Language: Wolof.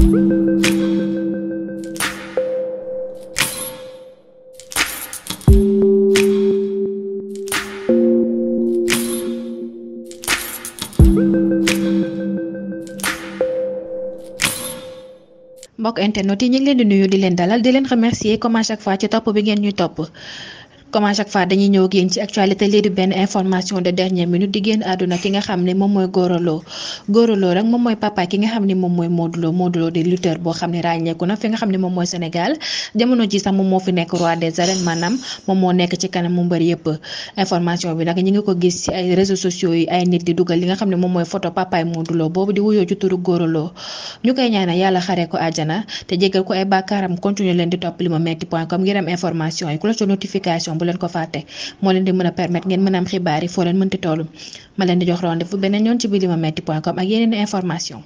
mbokk internet yi ñu ngi leen di nuyu di leen dalal di leen remercier comme à chaque fois ci top bi ngeen ñuy top. comme à chaque fois dañuy ñëw ak yéen ci actualité lii di benn information de dernière minute di génn àdduna ki nga xam ne moom mooy góoraloo góoraloo rek moom mooy papa ki nga xam ne moom mooy Modou Lo Modou Lo di moom mooy Sénégal jamono ji sax moom moo fi nekk roi des arènes moom moo nekk ci kanam mu mbër yëpp information bi nag ñu nga ko gis ci ay réseaux sociaux yi ay nit di dugal li nga xam ne moom mooy photo papaay Modou Lo boobu di wuyoo ci turu góoraloo ñu koy ñaanal yàlla xaree ko àjjana te jégal bu leen ko fàtte moo leen di mën a permettre ngeen mën a am xibaar yi foo leen mënti tollu ma leen di jox rendez-vous beneen yoon ci bi limametti point com ak yeneen information